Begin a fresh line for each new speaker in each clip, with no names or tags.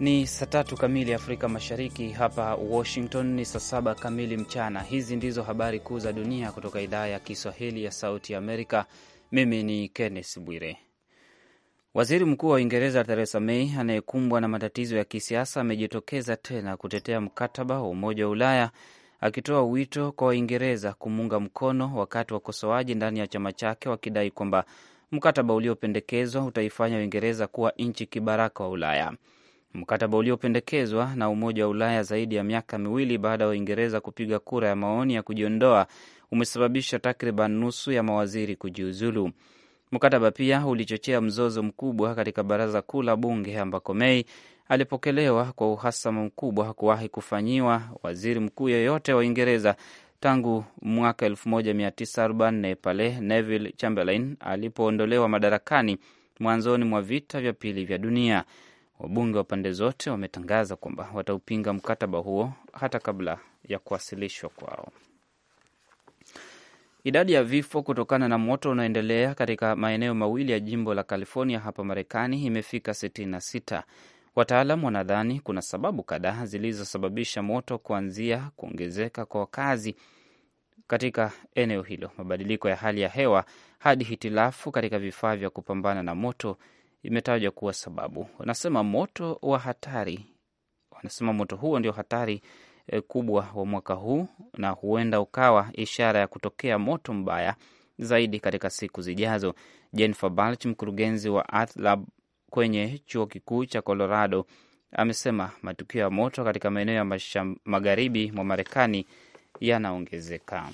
Ni saa tatu kamili Afrika Mashariki. Hapa Washington ni saa saba kamili mchana. Hizi ndizo habari kuu za dunia kutoka idhaa ya Kiswahili ya Sauti Amerika. Mimi ni kennes Bwire. Waziri Mkuu wa Uingereza Theresa May anayekumbwa na matatizo ya kisiasa amejitokeza tena kutetea mkataba wa Umoja wa Ulaya, akitoa wito kwa Waingereza kumuunga mkono, wakati wakosoaji ndani ya chama chake wakidai kwamba mkataba uliopendekezwa utaifanya Uingereza kuwa nchi kibaraka wa Ulaya mkataba uliopendekezwa na Umoja wa Ulaya zaidi ya miaka miwili baada ya Uingereza kupiga kura ya maoni ya kujiondoa umesababisha takriban nusu ya mawaziri kujiuzulu. Mkataba pia ulichochea mzozo mkubwa katika baraza kuu la bunge ambako Mei alipokelewa kwa uhasama mkubwa kuwahi kufanyiwa waziri mkuu yeyote wa Uingereza tangu mwaka 1944 pale Neville Chamberlain alipoondolewa madarakani mwanzoni mwa vita vya pili vya dunia. Wabunge wa pande zote wametangaza kwamba wataupinga mkataba huo hata kabla ya kuwasilishwa kwao. Idadi ya vifo kutokana na moto unaoendelea katika maeneo mawili ya jimbo la California hapa Marekani imefika 66. Wataalam wanadhani kuna sababu kadhaa zilizosababisha moto kuanzia kuongezeka kwa wakazi katika eneo hilo, mabadiliko ya hali ya hewa, hadi hitilafu katika vifaa vya kupambana na moto imetajwa kuwa sababu. Wanasema moto wa hatari, wanasema moto huo ndio hatari e, kubwa wa mwaka huu na huenda ukawa ishara ya kutokea moto mbaya zaidi katika siku zijazo. Jennifer Balch, mkurugenzi wa athla kwenye chuo kikuu cha Colorado, amesema matukio ya moto katika maeneo ya magharibi mwa Marekani yanaongezeka.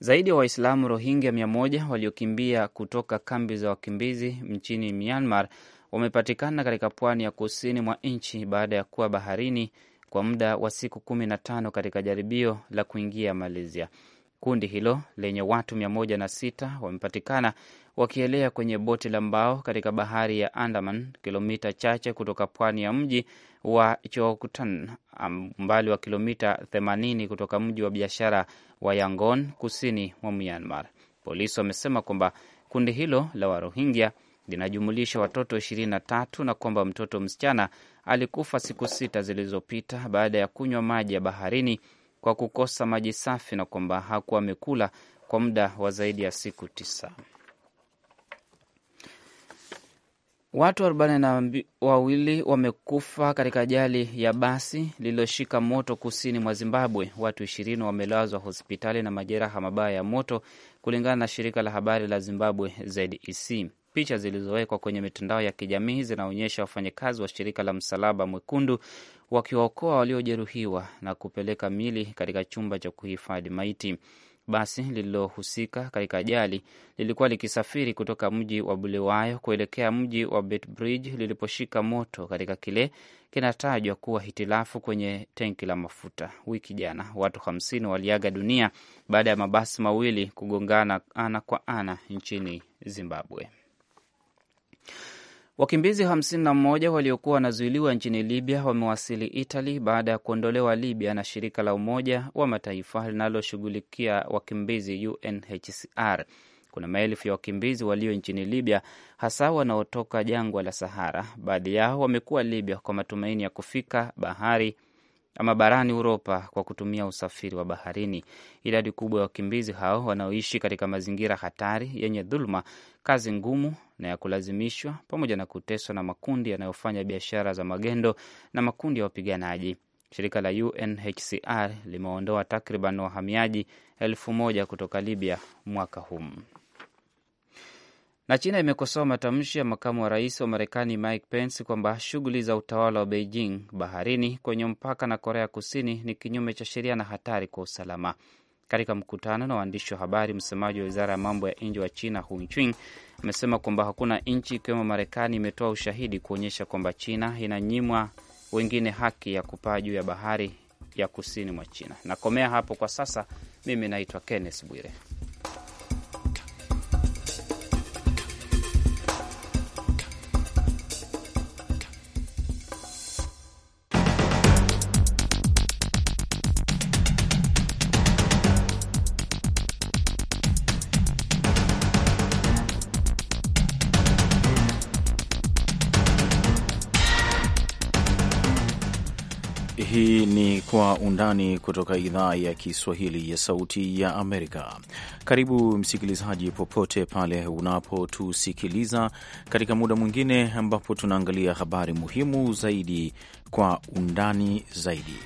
Zaidi ya wa Waislamu Rohingya mia moja waliokimbia kutoka kambi za wakimbizi nchini Myanmar wamepatikana katika pwani ya kusini mwa nchi baada ya kuwa baharini kwa muda wa siku kumi na tano katika jaribio la kuingia Malaysia. Kundi hilo lenye watu 106 wamepatikana wakielea kwenye boti la mbao katika bahari ya Andaman, kilomita chache kutoka pwani ya mji wa Chookutan, umbali wa kilomita 80 kutoka mji wa biashara wa Yangon, kusini mwa Myanmar. Polisi wamesema kwamba kundi hilo la Warohingya linajumulisha watoto 23 na kwamba mtoto msichana alikufa siku sita zilizopita baada ya kunywa maji ya baharini kwa kukosa maji safi na kwamba hakuwa amekula kwa muda wa zaidi ya siku tisa. Watu arobaini na wawili wamekufa katika ajali ya basi lililoshika moto kusini mwa Zimbabwe. Watu ishirini wamelazwa hospitali na majeraha mabaya ya moto, kulingana na shirika la habari la Zimbabwe ZEC. Picha zilizowekwa kwenye mitandao ya kijamii zinaonyesha wafanyakazi wa shirika la Msalaba Mwekundu wakiwaokoa waliojeruhiwa na kupeleka mili katika chumba cha kuhifadhi maiti. Basi lililohusika katika ajali lilikuwa likisafiri kutoka mji wa Bulawayo kuelekea mji wa Betbridge liliposhika moto katika kile kinatajwa kuwa hitilafu kwenye tenki la mafuta. Wiki jana watu hamsini waliaga dunia baada ya mabasi mawili kugongana ana kwa ana nchini Zimbabwe. Wakimbizi 51 waliokuwa wanazuiliwa nchini Libya wamewasili Italy baada ya kuondolewa Libya na shirika la Umoja wa Mataifa linaloshughulikia wakimbizi UNHCR. Kuna maelfu ya wakimbizi walio nchini Libya, hasa wanaotoka jangwa la Sahara. Baadhi yao wamekuwa Libya kwa matumaini ya kufika bahari ama barani Uropa kwa kutumia usafiri wa baharini. Idadi kubwa ya wakimbizi hao wanaoishi katika mazingira hatari yenye dhuluma, kazi ngumu na ya kulazimishwa pamoja na kuteswa na makundi yanayofanya biashara za magendo na makundi ya wapiganaji. Shirika la UNHCR limeondoa takriban wahamiaji elfu moja kutoka Libya mwaka huu. Na China imekosoa matamshi ya makamu wa rais wa Marekani Mike Pence kwamba shughuli za utawala wa Beijing baharini kwenye mpaka na Korea Kusini ni kinyume cha sheria na hatari kwa usalama. Katika mkutano na waandishi wa habari, msemaji wa wizara ya mambo ya nje wa China Hu amesema kwamba hakuna nchi ikiwemo Marekani imetoa ushahidi kuonyesha kwamba China inanyimwa wengine haki ya kupaa juu ya bahari ya kusini mwa China. Nakomea hapo kwa sasa. Mimi naitwa Kenneth Bwire.
Undani kutoka idhaa ya Kiswahili ya Sauti ya Amerika. Karibu msikilizaji, popote pale unapotusikiliza katika muda mwingine ambapo tunaangalia habari muhimu zaidi kwa undani zaidi.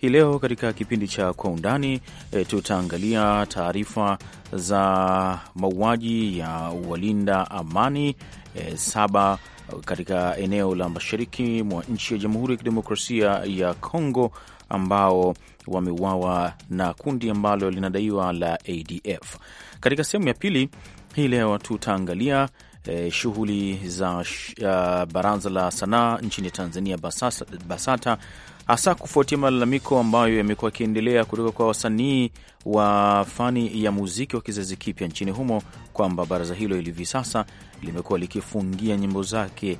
Hii leo katika kipindi cha Kwa Undani e, tutaangalia taarifa za mauaji ya walinda amani e, saba katika eneo la mashariki mwa nchi ya Jamhuri ya Kidemokrasia ya Kongo ambao wameuawa na kundi ambalo linadaiwa la ADF. Katika sehemu ya pili hii leo tutaangalia e, shughuli za uh, baraza la sanaa nchini Tanzania Basasa, BASATA hasa kufuatia malalamiko ambayo yamekuwa yakiendelea kutoka kwa wasanii wa fani ya muziki wa kizazi kipya nchini humo kwamba baraza hilo hivi sasa limekuwa likifungia nyimbo zake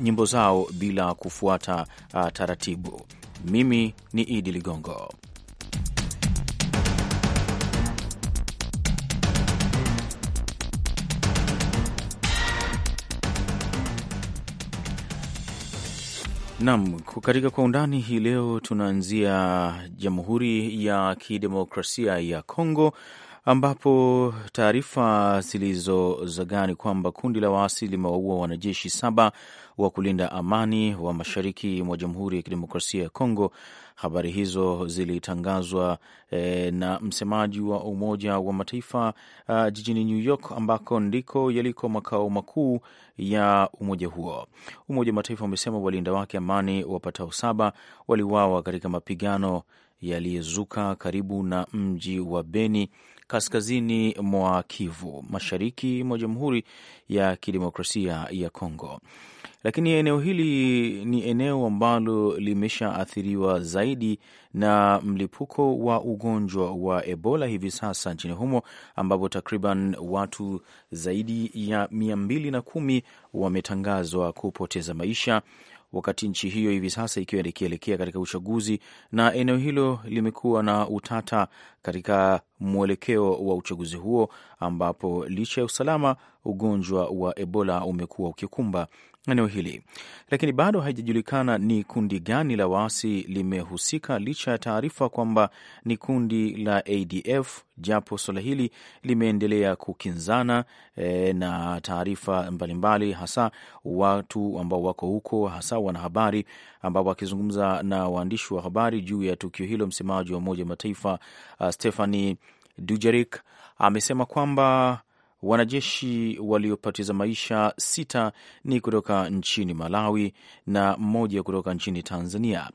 nyimbo zao bila kufuata ah, taratibu. Mimi ni Idi Ligongo. Nam, katika kwa undani hii leo tunaanzia Jamhuri ya Kidemokrasia ya Kongo ambapo taarifa zilizozagaa ni kwamba kundi la waasi limewaua wanajeshi saba wa kulinda amani wa mashariki mwa Jamhuri ya Kidemokrasia ya Kongo. Habari hizo zilitangazwa e, na msemaji wa Umoja wa Mataifa a, ah, jijini New York ambako ndiko yaliko makao makuu ya umoja huo. Umoja wa Mataifa umesema walinda wake amani wapatao saba waliuawa katika mapigano yaliyezuka karibu na mji wa Beni kaskazini mwa Kivu, mashariki mwa Jamhuri ya Kidemokrasia ya Kongo. Lakini eneo hili ni eneo ambalo limeshaathiriwa zaidi na mlipuko wa ugonjwa wa Ebola hivi sasa nchini humo, ambapo takriban watu zaidi ya mia mbili na kumi wametangazwa kupoteza maisha wakati nchi hiyo hivi sasa ikiwa ikielekea katika uchaguzi, na eneo hilo limekuwa na utata katika mwelekeo wa uchaguzi huo, ambapo licha ya usalama, ugonjwa wa Ebola umekuwa ukikumba eneo hili, lakini bado haijajulikana ni kundi gani la waasi limehusika, licha ya taarifa kwamba ni kundi la ADF, japo suala hili limeendelea kukinzana e, na taarifa mbalimbali, hasa watu ambao wako huko, hasa wanahabari, ambao wakizungumza na waandishi wa habari juu ya tukio hilo, msemaji wa Umoja wa Mataifa uh, Stephanie Dujarik amesema kwamba Wanajeshi waliopoteza maisha sita ni kutoka nchini Malawi na mmoja kutoka nchini Tanzania.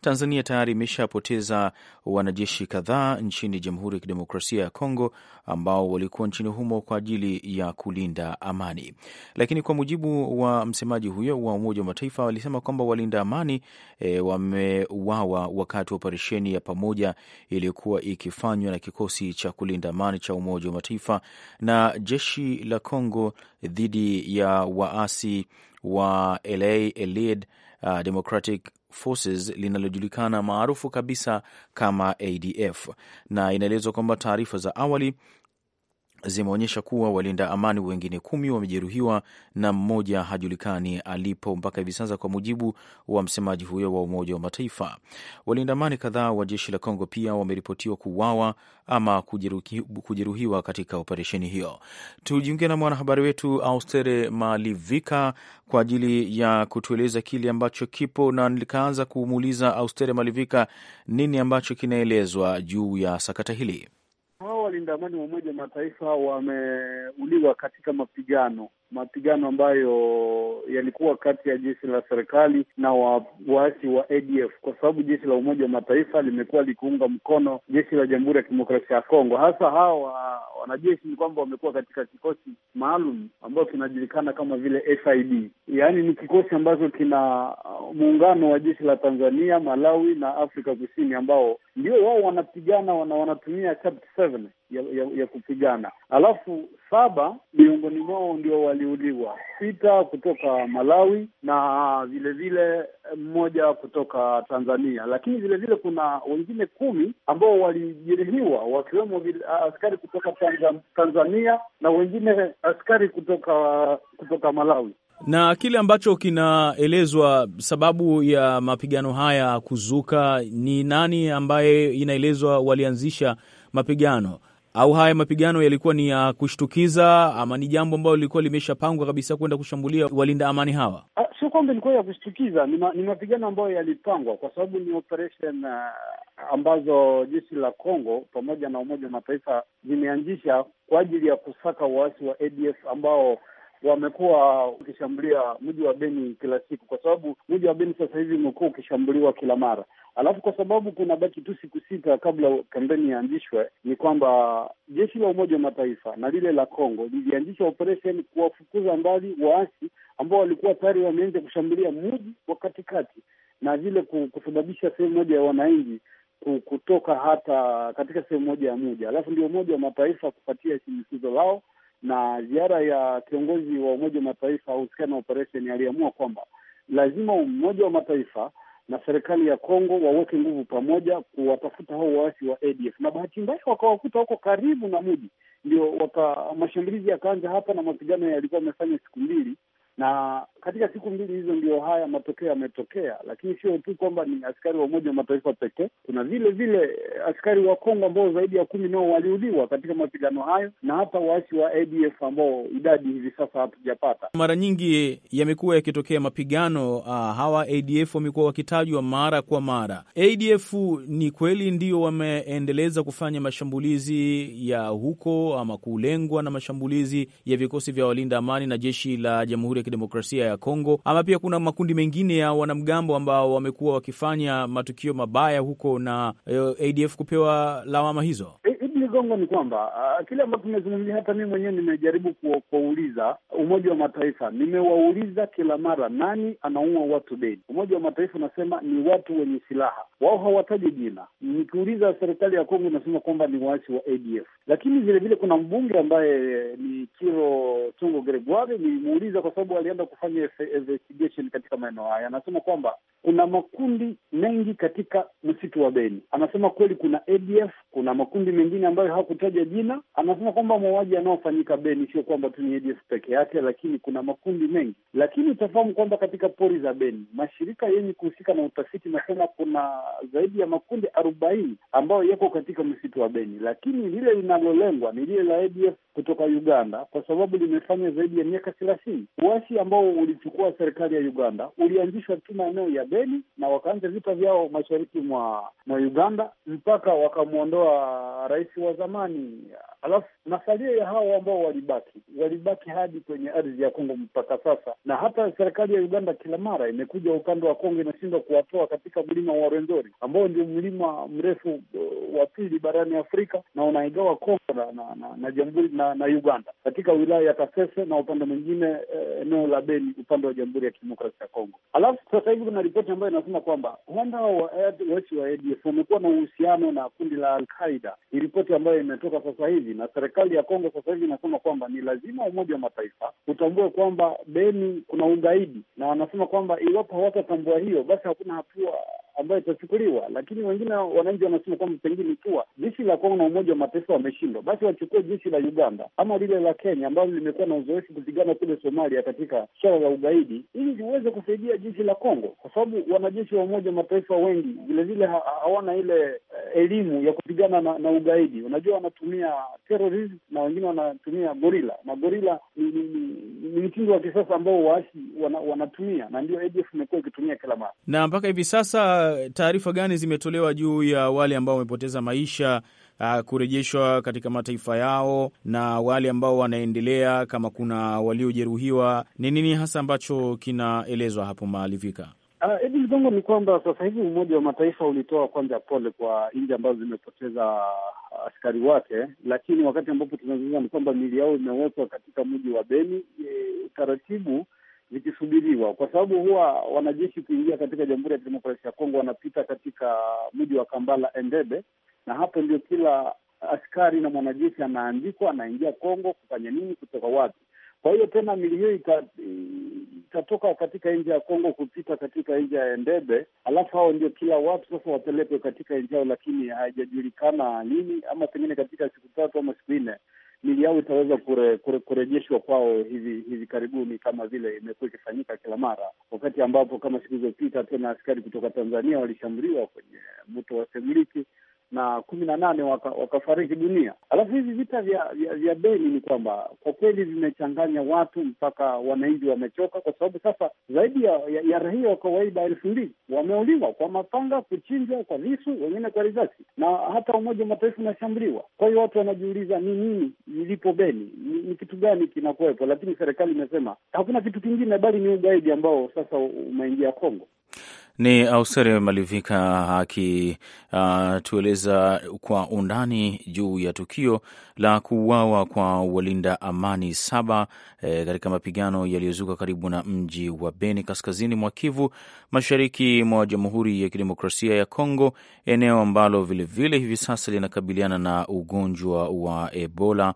Tanzania tayari imeshapoteza wanajeshi kadhaa nchini Jamhuri ya Kidemokrasia ya Kongo ambao walikuwa nchini humo kwa ajili ya kulinda amani, lakini kwa mujibu wa msemaji huyo wa Umoja wa Mataifa walisema kwamba walinda amani e, wameuawa wakati wa operesheni ya pamoja iliyokuwa ikifanywa na kikosi cha kulinda amani cha Umoja wa Mataifa na jeshi la Kongo dhidi ya waasi wa LA Allied uh, Democratic Forces linalojulikana maarufu kabisa kama ADF, na inaelezwa kwamba taarifa za awali zimeonyesha kuwa walinda amani wengine kumi wamejeruhiwa na mmoja hajulikani alipo mpaka hivi sasa, kwa mujibu wa msemaji huyo wa Umoja wa Mataifa. Walinda amani kadhaa wa jeshi la Kongo pia wameripotiwa kuuawa ama kujeruhiwa katika operesheni hiyo. Tujiunge na mwanahabari wetu Austere Malivika kwa ajili ya kutueleza kile ambacho kipo, na nikaanza kumuuliza Austere Malivika, nini ambacho kinaelezwa juu ya sakata hili?
walinda amani wa Umoja Mataifa wameuliwa katika mapigano mapigano ambayo yalikuwa kati ya jeshi la serikali na waasi wa ADF, kwa sababu jeshi la Umoja wa Mataifa limekuwa likiunga mkono jeshi la Jamhuri ya Kidemokrasia ya Kongo. Hasa hawa wanajeshi ni kwamba wamekuwa katika kikosi maalum ambayo kinajulikana kama vile FID, yaani ni kikosi ambacho kina uh, muungano wa jeshi la Tanzania, Malawi na Afrika Kusini, ambao ndio wao wanapigana wana, wanatumia chapter 7 ya, ya, ya kupigana. Alafu saba miongoni mwao ndio waliuliwa, sita kutoka Malawi na vilevile mmoja kutoka Tanzania, lakini vilevile kuna wengine kumi ambao walijeruhiwa wakiwemo askari kutoka Tanzania na wengine askari kutoka kutoka Malawi
na kile ambacho kinaelezwa sababu ya mapigano haya kuzuka ni nani ambaye inaelezwa walianzisha mapigano au haya mapigano yalikuwa ni ya kushtukiza ama ni jambo ambalo lilikuwa limeshapangwa kabisa kwenda kushambulia walinda amani hawa?
Ah, sio kwamba ilikuwa ya kushtukiza, ni, ma, ni mapigano ambayo yalipangwa kwa sababu ni operation uh, ambazo jeshi la Kongo pamoja na Umoja wa Mataifa zimeanzisha kwa ajili ya kusaka waasi wa ADF ambao wamekuwa ukishambulia mji wa Beni kila siku, kwa sababu mji wa Beni sasa hivi umekuwa ukishambuliwa kila mara. Alafu kwa sababu kuna baki tu siku sita kabla kampeni ianzishwe, ni kwamba jeshi la Umoja wa Mataifa na lile la Kongo lilianzisha operesheni kuwafukuza mbali waasi ambao walikuwa tayari wameanza kushambulia mji wa katikati na vile kusababisha sehemu moja ya wananchi kutoka hata katika sehemu moja ya muja. Alafu ndio Umoja wa Mataifa kupatia shinikizo lao na ziara ya kiongozi wa Umoja wa Mataifa ahusikana na operesheni aliamua kwamba lazima Umoja wa Mataifa na serikali ya Kongo waweke nguvu pamoja kuwatafuta hao waasi wa ADF, na bahati mbaya wakawakuta huko karibu na mji, ndio waka mashambulizi yakaanza hapa, na mapigano yalikuwa yamefanya siku mbili na katika siku mbili hizo ndio haya matokeo yametokea, lakini sio tu kwamba ni askari wa Umoja wa Mataifa pekee. Kuna vile vile askari wa Kongo ambao zaidi ya kumi nao waliuliwa katika mapigano hayo, na hata waasi wa ADF ambao idadi hivi sasa hatujapata.
Mara nyingi yamekuwa yakitokea mapigano uh, hawa ADF wamekuwa wakitajwa mara kwa mara. ADF ni kweli ndio wameendeleza kufanya mashambulizi ya huko ama kulengwa na mashambulizi ya vikosi vya walinda amani na jeshi la Jamhuri Kidemokrasia ya Kongo, ama pia kuna makundi mengine ya wanamgambo ambao wamekuwa wakifanya matukio mabaya huko na eh, ADF kupewa lawama hizo?
Ligongo, ni kwamba uh, kile ambacho tumezungumzia, hata mimi mwenyewe nimejaribu kuwauliza Umoja wa Mataifa, nimewauliza kila mara, nani anaua watu deni? Umoja wa Mataifa unasema ni watu wenye silaha, wao hawataji jina. Nikiuliza serikali ya Kongo inasema kwamba ni waasi wa ADF, lakini vilevile kuna mbunge ambaye eh, ni Kiro Tungo Gregoire, nilimuuliza kwa sababu alienda kufanya investigation katika maeneo haya, anasema kwamba kuna makundi mengi katika msitu wa Beni. Anasema kweli kuna ADF, kuna makundi mengine ambayo hakutaja jina. Anasema kwamba mauaji yanayofanyika Beni sio kwamba tu ni ADF peke yake, lakini kuna makundi mengi. Lakini utafahamu kwamba katika pori za Beni mashirika yenye kuhusika na utafiti nasema kuna zaidi ya makundi arobaini ambayo yako katika msitu wa Beni, lakini lile linalolengwa ni lile la ADF kutoka Uganda, kwa sababu limefanya zaidi ya miaka thelathini. Uasi ambao ulichukua serikali ya Uganda ulianzishwa tu maeneo ya Beni na wakaanza vita vyao mashariki mwa, mwa Uganda mpaka wakamwondoa rais wa zamani. Alafu masalia ya hao ambao walibaki walibaki hadi kwenye ardhi ya Kongo mpaka sasa, na hata serikali ya Uganda kila mara imekuja upande wa Kongo inashindwa kuwatoa katika mlima wa Rwenzori ambao ndio mlima mrefu uh, wa pili barani Afrika na unaigawa Kongo na, na, na, na jamhuri na, na Uganda katika wilaya ya Kasese na upande mwingine uh, eneo eh, la Beni upande wa Jamhuri ya Kidemokrasia ya Kongo. Alafu sasa hivi kuna ripoti ambayo inasema kwamba huenda waasi wa ADF wamekuwa na uhusiano na kundi la Alqaida. Ni ripoti ambayo imetoka sasa hivi, na serikali ya Kongo sasa hivi inasema kwamba ni lazima Umoja wa Mataifa utambue kwamba Beni kuna ugaidi, na wanasema kwamba iwapo hawatatambua hiyo, basi hakuna hatua ambayo itachukuliwa. Lakini wengine wananchi wanasema kwamba pengine ikiwa jeshi la Kongo na Umoja wa Mataifa wameshindwa, basi wachukue jeshi la Uganda ama lile la Kenya ambalo limekuwa na uzoefu kupigana kule Somalia katika suala la ugaidi, ili liweze kusaidia jeshi la Kongo kwa sababu sababu wanajeshi wa Umoja Mataifa wengi vilevile hawana ile eh, elimu ya kupigana na, na ugaidi. Unajua wanatumia na wengine wanatumia gorila, na gorila ni, ni, ni, ni mtindo wa kisasa ambao waasi wana, wanatumia na ndio ADF imekuwa ikitumia kila mara.
Na mpaka hivi sasa taarifa gani zimetolewa juu ya wale ambao wamepoteza maisha Uh, kurejeshwa katika mataifa yao na wale ambao wanaendelea, kama kuna waliojeruhiwa, ni nini hasa ambacho kinaelezwa hapo maalivika?
Uh, uh, ligongo ni kwamba sasa hivi Umoja wa Mataifa ulitoa kwanza pole kwa nchi ambazo zimepoteza ah, askari wake, lakini wakati ambapo tunazungumza ni kwamba mili yao imewekwa katika mji wa Beni e, taratibu zikisubiriwa, kwa sababu huwa wanajeshi kuingia katika Jamhuri ya Kidemokrasia ya Kongo wanapita katika mji wa Kambala Endebe, na hapo ndio kila askari na mwanajeshi anaandikwa, anaingia Kongo kufanya nini, kutoka wapi kwa hiyo tena mili hiyo ita, itatoka katika nji ya Kongo kupita katika nji ya Endebe, alafu hao ndio kila watu sasa wapelekwe katika nji yao, lakini haijajulikana lini, ama pengine katika siku tatu ama siku nne mili yao itaweza kure, kure, kurejeshwa kwao hivi hivi karibuni, kama vile imekuwa ikifanyika kila mara, wakati ambapo kama siku zilizopita tena askari kutoka Tanzania walishambuliwa kwenye mto wa Semliki na kumi na nane wakafariki waka dunia. Alafu hivi vita vya, vya, vya Beni ni kwamba kwa kweli vimechanganya watu mpaka wananchi wamechoka, kwa sababu sasa zaidi ya, ya, ya raia wa kawaida elfu mbili wameuliwa kwa mapanga, kuchinjwa kwa visu, wengine kwa risasi, na hata Umoja wa Mataifa unashambuliwa. Kwa hiyo watu wanajiuliza ni nini ilipo Beni, ni, ni kitu gani kinakuwepo? Lakini serikali imesema hakuna kitu kingine bali ni ugaidi ambao sasa umeingia Kongo.
Ni Ausere Malivika akitueleza uh, kwa undani juu ya tukio la kuuawa kwa walinda amani saba e, katika mapigano yaliyozuka karibu na mji wa Beni kaskazini mwa Kivu mashariki mwa Jamhuri ya Kidemokrasia ya Kongo, eneo ambalo vilevile hivi sasa linakabiliana na ugonjwa wa Ebola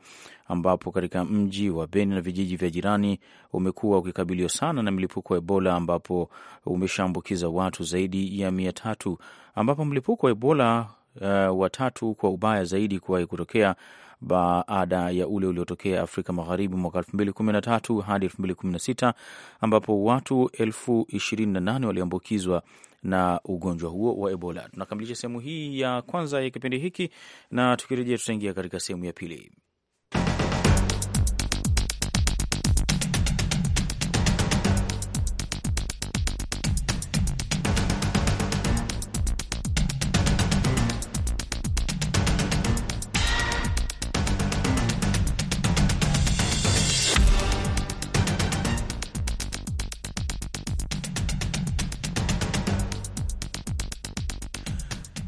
ambapo katika mji wa Beni na vijiji vya jirani umekuwa ukikabiliwa sana na mlipuko wa Ebola, ambapo umeshaambukiza watu zaidi ya mia tatu, ambapo mlipuko wa Ebola uh, watatu kwa ubaya zaidi kuwahi kutokea baada ya ule uliotokea Afrika Magharibi mwaka 2013 hadi 2016 ambapo watu elfu ishirini na nane waliambukizwa na ugonjwa huo wa Ebola. Tunakamilisha sehemu hii ya kwanza ya kipindi hiki, na tukirejea tutaingia katika sehemu ya pili.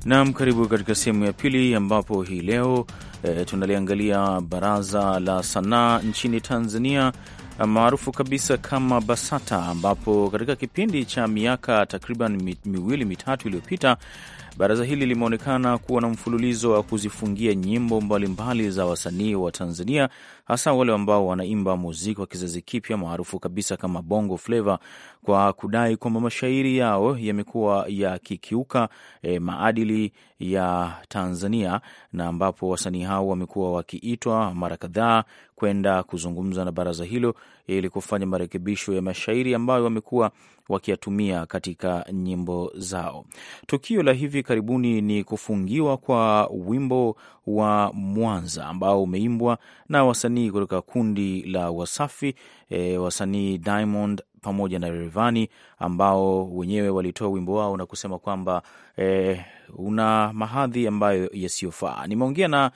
Naam, karibu katika sehemu ya pili ambapo hii leo e, tunaliangalia Baraza la Sanaa nchini Tanzania eh, maarufu kabisa kama BASATA ambapo katika kipindi cha miaka takriban miwili mitatu iliyopita Baraza hili limeonekana kuwa na mfululizo wa kuzifungia nyimbo mbalimbali za wasanii wa Tanzania, hasa wale ambao wanaimba muziki wa kizazi kipya maarufu kabisa kama bongo fleva, kwa kudai kwamba mashairi yao yamekuwa yakikiuka e, maadili ya Tanzania, na ambapo wasanii hao wamekuwa wakiitwa mara kadhaa kwenda kuzungumza na baraza hilo ili kufanya marekebisho ya mashairi ambayo wamekuwa wakiyatumia katika nyimbo zao. Tukio la hivi karibuni ni kufungiwa kwa wimbo wa Mwanza ambao umeimbwa na wasanii kutoka kundi la Wasafi, e, wasanii Diamond pamoja na Rivani ambao wenyewe walitoa wimbo wao na kusema kwamba e, una mahadhi ambayo yasiyofaa. Nimeongea na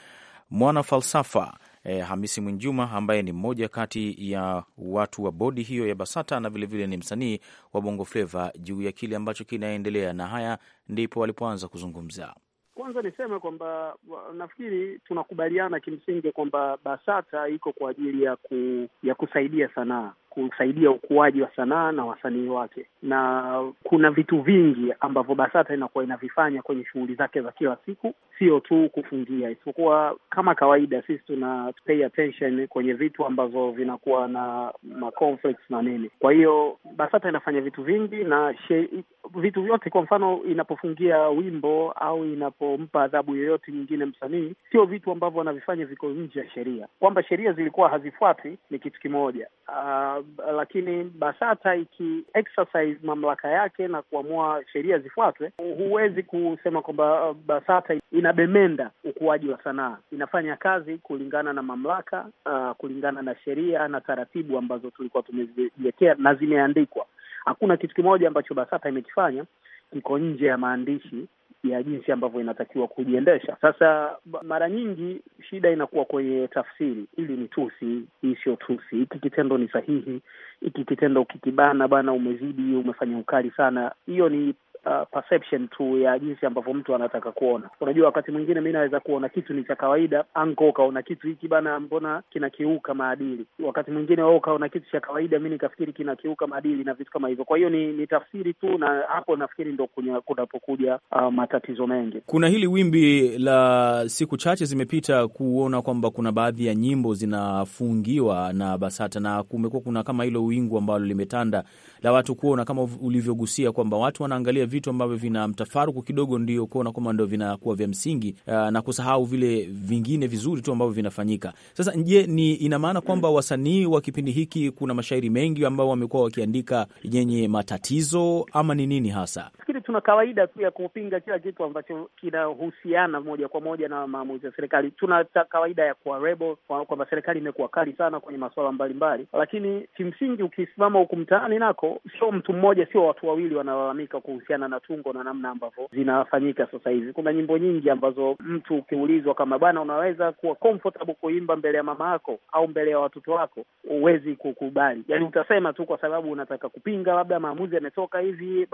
mwana falsafa eh, Hamisi Mwinjuma ambaye ni mmoja kati ya watu wa bodi hiyo ya BASATA na vilevile ni msanii wa Bongo Fleva juu ya kile ambacho kinaendelea, na haya ndipo walipoanza kuzungumza.
Kwanza niseme kwamba nafikiri tunakubaliana kimsingi kwamba BASATA iko kwa ajili ya, ku, ya kusaidia sanaa kusaidia ukuaji wa sanaa na wasanii wake, na kuna vitu vingi ambavyo BASATA inakuwa inavifanya kwenye shughuli zake za kila siku, sio tu kufungia, isipokuwa kama kawaida sisi tuna pay attention kwenye vitu ambavyo vinakuwa na ma conflicts na nini. Kwa hiyo BASATA inafanya vitu vingi na she, vitu vyote, kwa mfano inapofungia wimbo au inapompa adhabu yoyote nyingine msanii, sio vitu ambavyo wanavifanya viko nje ya sheria, kwamba sheria zilikuwa hazifuati ni kitu kimoja. Uh, lakini BASATA iki exercise mamlaka yake na kuamua sheria zifuatwe, huwezi kusema kwamba uh, BASATA inabemenda ukuaji wa sanaa. Inafanya kazi kulingana na mamlaka uh, kulingana na sheria na taratibu ambazo tulikuwa tumeziwekea na zimeandikwa. Hakuna kitu kimoja ambacho BASATA imekifanya kiko nje ya maandishi ya jinsi ambavyo inatakiwa kujiendesha. Sasa mara nyingi shida inakuwa kwenye tafsiri. Hili ni tusi, hii sio tusi, hiki kitendo ni sahihi, hiki kitendo ukikibana bana, umezidi, umefanya ukali sana. Hiyo ni uh, perception tu ya jinsi ambavyo mtu anataka kuona. Unajua, wakati mwingine mi naweza kuona kitu ni cha kawaida, anko ukaona kitu hiki bana, mbona kinakiuka maadili. Wakati mwingine wao ukaona kitu cha kawaida, mi nikafikiri kinakiuka maadili na vitu kama hivyo. Kwa hiyo ni, ni tafsiri tu, na hapo nafikiri ndo kunapokuja uh, matatizo mengi.
Kuna hili wimbi la siku chache zimepita kuona kwamba kuna baadhi ya nyimbo zinafungiwa na BASATA na kumekuwa kuna kama hilo wingu ambalo limetanda la watu kuona kama ulivyogusia kwamba watu wanaangalia vitu ambavyo vina mtafaruku kidogo, ndio kuona kwamba ndio vinakuwa vya msingi uh, na kusahau vile vingine vizuri tu ambavyo vinafanyika. Sasa je, ni ina maana kwamba wasanii wa kipindi hiki kuna mashairi mengi ambao wamekuwa wakiandika yenye matatizo ama ni nini hasa?
Lakini tuna kawaida tu ya kupinga kila kitu ambacho kinahusiana moja kwa moja na maamuzi ya serikali. Tuna kawaida ya kuwa rebel kwamba serikali imekuwa kali sana kwenye masuala mbalimbali, lakini kimsingi ukisimama huku mtaani nako sio mtu mmoja, sio watu wawili wanalalamika kuhusiana kuhusiana na tungo na namna ambavyo zinafanyika sasa hivi. Kuna nyimbo nyingi ambazo mtu ukiulizwa kama bwana, unaweza kuwa comfortable kuimba mbele ya mama yako au mbele ya watoto wako, huwezi kukubali. Yani utasema tu kwa sababu unataka kupinga, labda maamuzi yametoka hivi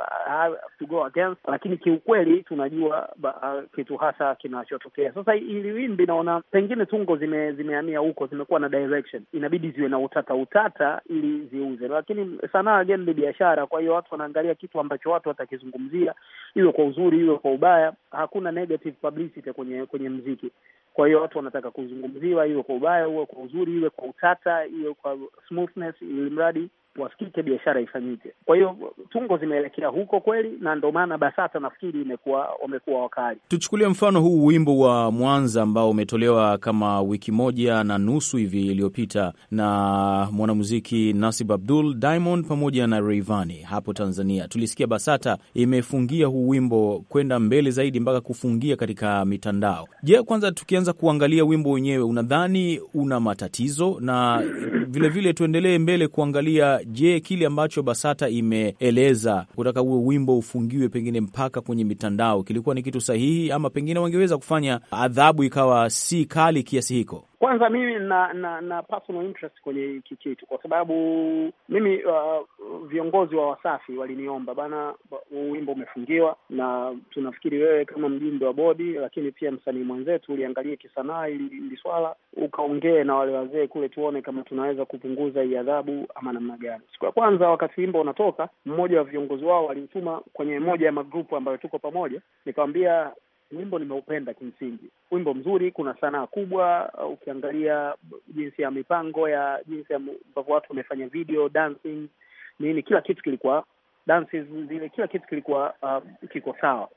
to go against, lakini kiukweli tunajua ba, kitu hasa kinachotokea sasa. Hili wimbi naona pengine tungo zime, zimehamia huko, zimekuwa na direction, inabidi ziwe na utata utata ili ziuze, lakini sanaa again ni biashara. Kwa hiyo watu wanaangalia kitu ambacho watu watakizungumza kuzungumzia, iwe kwa uzuri iwe kwa ubaya, hakuna negative publicity kwenye kwenye mziki. Kwa hiyo watu wanataka kuzungumziwa, iwe kwa ubaya, iwe kwa uzuri, iwe kwa utata, iwe kwa smoothness, ili mradi wasikike, biashara ifanyike. Kwa hiyo tungo zimeelekea huko kweli, na ndio maana BASATA nafikiri imekuwa wamekuwa wakali.
Tuchukulie mfano huu wimbo wa Mwanza ambao umetolewa kama wiki moja na nusu hivi iliyopita na mwanamuziki Nasib Abdul Diamond pamoja na Rayvanny hapo Tanzania. Tulisikia BASATA imefungia huu wimbo kwenda mbele zaidi mpaka kufungia katika mitandao. Je, kwanza tukianza kuangalia wimbo wenyewe, unadhani una matatizo? Na vilevile tuendelee mbele kuangalia Je, kile ambacho BASATA imeeleza kutaka huo wimbo ufungiwe pengine mpaka kwenye mitandao kilikuwa ni kitu sahihi, ama pengine wangeweza kufanya adhabu ikawa si kali kiasi hiko?
Kwanza mimi na na, na personal interest kwenye hiki kitu kwa sababu mimi uh, viongozi wa Wasafi waliniomba bana, huu wimbo umefungiwa na tunafikiri wewe kama mjumbe wa bodi, lakini pia msanii mwenzetu uliangalie kisanaa ili swala, ukaongee na wale wazee kule, tuone kama tunaweza kupunguza hii adhabu ama namna gani. Siku ya kwanza wakati wimbo unatoka, mmoja wa viongozi wao walituma kwenye moja ya magrupu ambayo tuko pamoja, nikamwambia Wimbo nimeupenda kimsingi, wimbo mzuri, kuna sanaa kubwa. Uh, ukiangalia jinsi ya mipango ya jinsi ambavyo watu wamefanya video dancing nini, kila kitu kilikuwa dances zile, kila kitu kilikuwa uh, kiko sawa,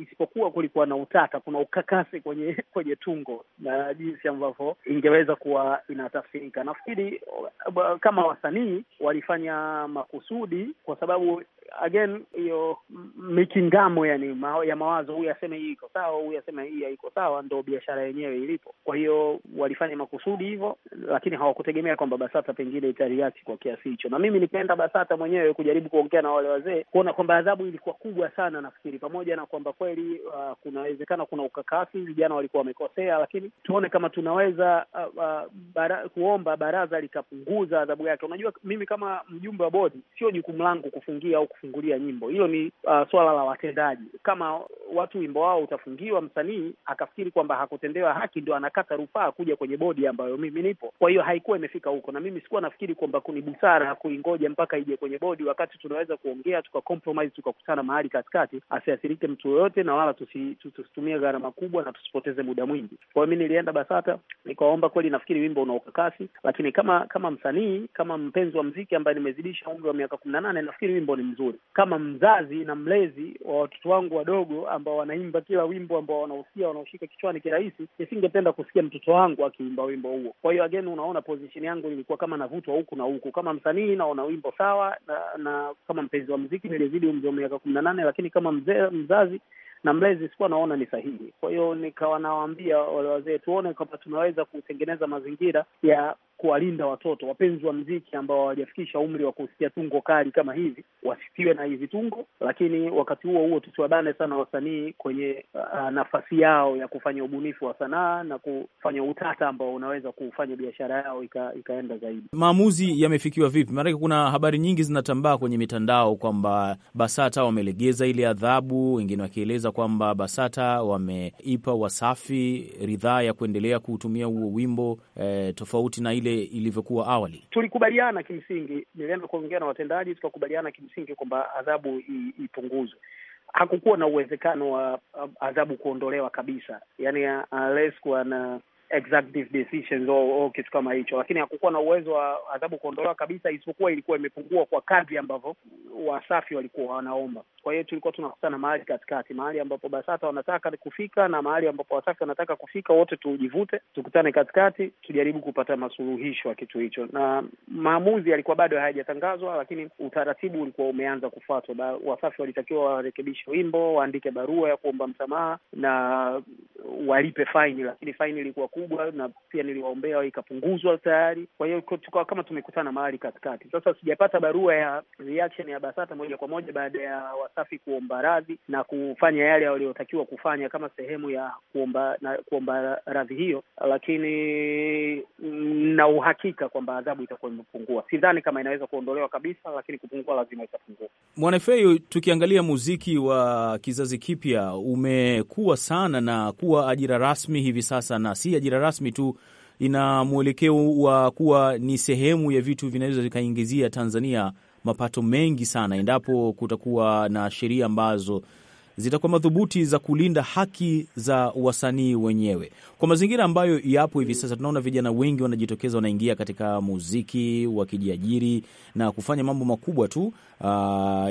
isipokuwa kulikuwa na utata, kuna ukakasi kwenye kwenye tungo na jinsi ambavyo ingeweza kuwa inatafsirika. Nafikiri uh, kama wasanii walifanya makusudi, kwa sababu again hiyo mikingamo yani ma, ya mawazo, huyu aseme hii iko sawa, huyu aseme hii haiko sawa, ndo biashara yenyewe ilipo. Kwa hiyo walifanya makusudi hivyo, lakini hawakutegemea kwamba BASATA pengine itariati kwa kiasi hicho, na mimi nikaenda BASATA mwenyewe kujaribu kuongea na wale wazee, kuona kwamba adhabu ilikuwa kubwa sana. Nafikiri pamoja na kwamba kweli uh, kunawezekana kuna ukakasi, vijana walikuwa wamekosea, lakini tuone kama tunaweza uh, uh, bara, kuomba baraza likapunguza adhabu yake. Unajua, mimi kama mjumbe wa bodi, sio jukumu langu kufungia au kufungulia nyimbo. Hilo ni uh, swala la watendaji. Kama watu wimbo wao utafungiwa, msanii akafikiri kwamba hakutendewa haki, ndo anakata rufaa kuja kwenye bodi ambayo mimi nipo. Kwa hiyo haikuwa imefika huko, na mimi sikuwa nafikiri kwamba kuni busara kuingoja mpaka ije kwenye bodi, wakati tunaweza kuongea tuka tukakutana mahali katikati, asiathirike mtu yoyote, na wala tusitumie gharama kubwa na tusipoteze muda mwingi. Kwa hiyo mi nilienda BASATA nikawaomba, kweli nafikiri wimbo una ukakasi, lakini kama kama msanii kama mpenzi wa mziki ambaye nimezidisha umri wa miaka kumi na nane, nafikiri wimbo ni mzuri vizuri. Kama mzazi na mlezi wa watoto wangu wadogo ambao wanaimba kila wimbo ambao wanahusia wanaoshika kichwani kirahisi, nisingependa kusikia mtoto wangu akiimba wimbo huo. Kwa hiyo again, unaona position yangu ilikuwa kama navutwa huku na huku. Kama msanii naona wimbo sawa na, na kama mpenzi wa mziki nilizidi umri wa miaka kumi na nane, lakini kama mze, mzazi na mlezi sikuwa naona ni sahihi. Kwa hiyo nikawa nawaambia wale wazee, tuone kwamba tunaweza kutengeneza mazingira ya kuwalinda watoto wapenzi wa mziki ambao hawajafikisha umri wa kusikia tungo kali kama hivi, wasitiwe na hizi tungo, lakini wakati huo huo tusiwadane sana wasanii kwenye uh, uh, nafasi yao ya kufanya ubunifu wa sanaa na kufanya utata ambao unaweza kufanya biashara yao ika, ikaenda zaidi.
Maamuzi yamefikiwa vipi? Maanake kuna habari nyingi zinatambaa kwenye mitandao kwamba BASATA wamelegeza ile adhabu, wengine wakieleza kwamba BASATA wameipa Wasafi ridhaa ya kuendelea kuutumia huo wimbo eh, tofauti na ile vile ilivyokuwa awali?
Tulikubaliana kimsingi, nilienda kuongea na watendaji, tukakubaliana kimsingi kwamba adhabu ipunguzwe. Hakukuwa na uwezekano wa uh, adhabu kuondolewa kabisa, yani ales uh, kuwa na executive decisions au kitu kama hicho, lakini hakukuwa na uwezo wa adhabu kuondolewa kabisa, isipokuwa ilikuwa imepungua kwa kadri ambavyo Wasafi walikuwa wanaomba. Kwa hiyo tulikuwa tunakutana mahali katikati, mahali ambapo BASATA wanataka kufika na mahali ambapo Wasafi wanataka kufika, wote tujivute, tukutane katikati, tujaribu kupata masuluhisho ya kitu hicho, na maamuzi yalikuwa bado hayajatangazwa, lakini utaratibu ulikuwa umeanza kufuatwa. Wasafi walitakiwa warekebishe wimbo, waandike barua ya kuomba msamaha na walipe faini, lakini faini ilikuwa kubwa, na pia niliwaombea ikapunguzwa tayari. Kwa hiyo tukawa kama tumekutana mahali katikati. Sasa sijapata barua ya reaction ya BASATA moja kwa moja baada ya Wasafi kuomba radhi na kufanya yale waliotakiwa kufanya kama sehemu ya kuomba na kuomba radhi hiyo, lakini na uhakika kwamba adhabu itakuwa imepungua. Sidhani kama inaweza kuondolewa kabisa, lakini kupungua lazima itapungua.
Mwanafei, tukiangalia muziki wa kizazi kipya umekuwa sana na kuwa ajira rasmi hivi sasa na si ajira ajira rasmi tu ina mwelekeo wa kuwa ni sehemu ya vitu vinaweza vikaingizia Tanzania mapato mengi sana endapo kutakuwa na sheria ambazo zitakuwa madhubuti za kulinda haki za wasanii wenyewe, kwa mazingira ambayo yapo hivi sasa. Tunaona vijana wengi wanajitokeza, wanaingia katika muziki, wakijiajiri na kufanya mambo makubwa tu uh,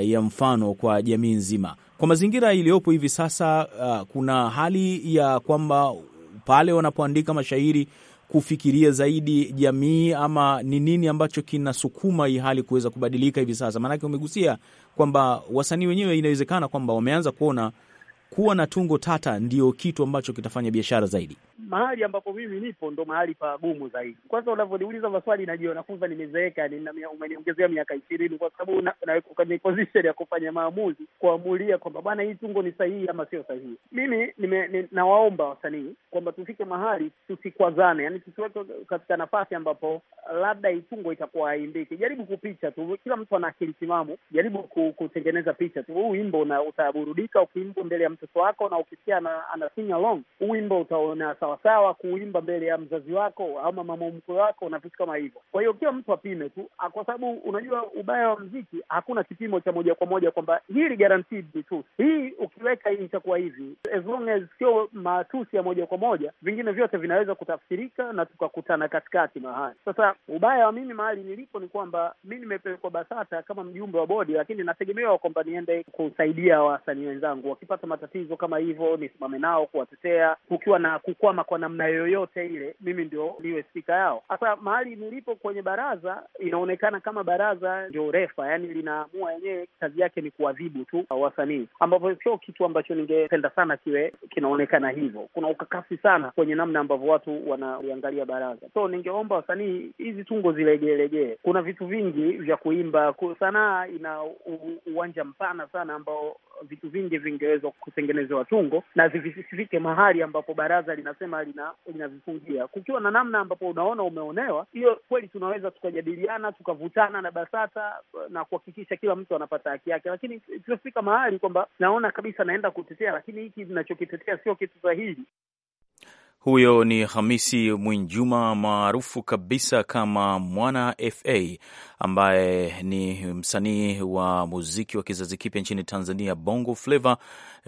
ya mfano kwa jamii nzima. Kwa mazingira iliyopo hivi sasa, uh, kuna hali ya kwamba pale wanapoandika mashairi kufikiria zaidi jamii ama ni nini ambacho kinasukuma hii hali kuweza kubadilika hivi sasa? Maanake umegusia kwamba wasanii wenyewe inawezekana kwamba wameanza kuona kuwa na tungo tata ndio kitu ambacho kitafanya biashara zaidi
mahali ambapo mimi nipo ndo mahali pa gumu zaidi. Kwanza unavyoniuliza maswali najiona kwanza nimezeeka, umeniongezea miaka ishirini, kwa sababu naweka kwenye position ya kufanya maamuzi, kuamulia kwamba bwana, hii tungo ni sahihi ama sio sahihi. Mimi nawaomba wasanii kwamba tufike mahali tusikwazane, yani tusiweke katika nafasi ambapo uh, labda itungo itakuwa haimbiki. Jaribu kupicha tu, kila mtu ana akili timamu, jaribu kutengeneza picha tu. Huu wimbo utaburudika ukiimbwa mbele ya mtoto wako, na ukisikia ana sing along, huu wimbo utaona sawasawa kuimba mbele ya mzazi wako ama mama mkwe wako na vitu kama hivyo. Kwa hiyo kila mtu apime tu, kwa sababu unajua ubaya wa mziki hakuna kipimo cha moja kwa moja kwamba hili guaranteed ni hii ukiweka hii itakuwa hivi, as long as sio matusi ya moja kwa moja, vingine vyote vinaweza kutafsirika na tukakutana katikati mahali. Sasa ubaya wa mimi mahali nilipo ni kwamba mi nimepelekwa BASATA kama mjumbe wa bodi, lakini nategemewa kwamba niende kusaidia wasanii wenzangu wakipata matatizo kama hivyo, nisimame nao kuwatetea, kukiwa na kukwama kama kwa namna yoyote ile mimi ndio niwe spika yao. Sasa mahali nilipo kwenye baraza, inaonekana kama baraza ndio refa, yani linaamua yenyewe, kazi yake ni kuadhibu tu wasanii, ambapo sio kitu ambacho ningependa sana kiwe kinaonekana hivyo. Kuna ukakasi sana kwenye namna ambavyo watu wanaliangalia baraza, so ningeomba wasanii hizi tungo zilegeelegee. Kuna vitu vingi vya kuimba, sanaa ina uwanja mpana sana ambao vitu vingi vingeweza kutengenezewa tungo na visifike mahali ambapo baraza linasema linavifungia. kukiwa na namna ambapo unaona umeonewa, hiyo kweli tunaweza tukajadiliana tukavutana na BASATA eh, na kuhakikisha kila mtu anapata haki yake, lakini tuliofika mahali kwamba naona kabisa naenda kutetea, lakini hiki ninachokitetea sio kitu sahihi.
Huyo ni Hamisi Mwinjuma maarufu kabisa kama Mwana FA ambaye ni msanii wa muziki wa kizazi kipya nchini Tanzania, Bongo Flava,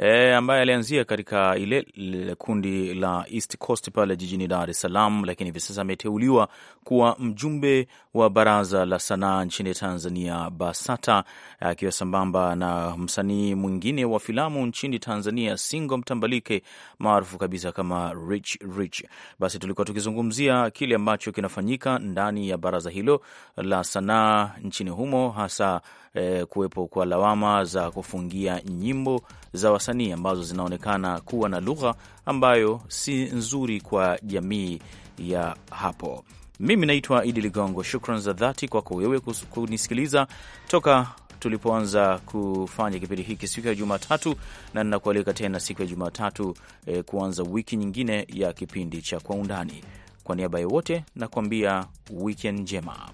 e, ambaye alianzia katika ile, kundi la East Coast pale jijini Dar es Salaam, lakini hivi sasa ameteuliwa kuwa mjumbe wa Baraza la Sanaa nchini Tanzania BASATA, akiwa sambamba na msanii mwingine wa filamu nchini Tanzania Singo Mtambalike maarufu kabisa kama Rich Rich. Basi tulikuwa tukizungumzia kile ambacho kinafanyika ndani ya baraza hilo la sanaa nchini humo hasa eh, kuwepo kwa lawama za kufungia nyimbo za wasanii ambazo zinaonekana kuwa na lugha ambayo si nzuri kwa jamii ya hapo. Mimi naitwa Idi Ligongo. Shukran za dhati kwako wewe kunisikiliza toka tulipoanza kufanya kipindi hiki siku ya Jumatatu, na ninakualika tena siku ya Jumatatu eh, kuanza wiki nyingine ya kipindi cha Kwa Undani. Kwa niaba ya wote nakuambia wikend njema.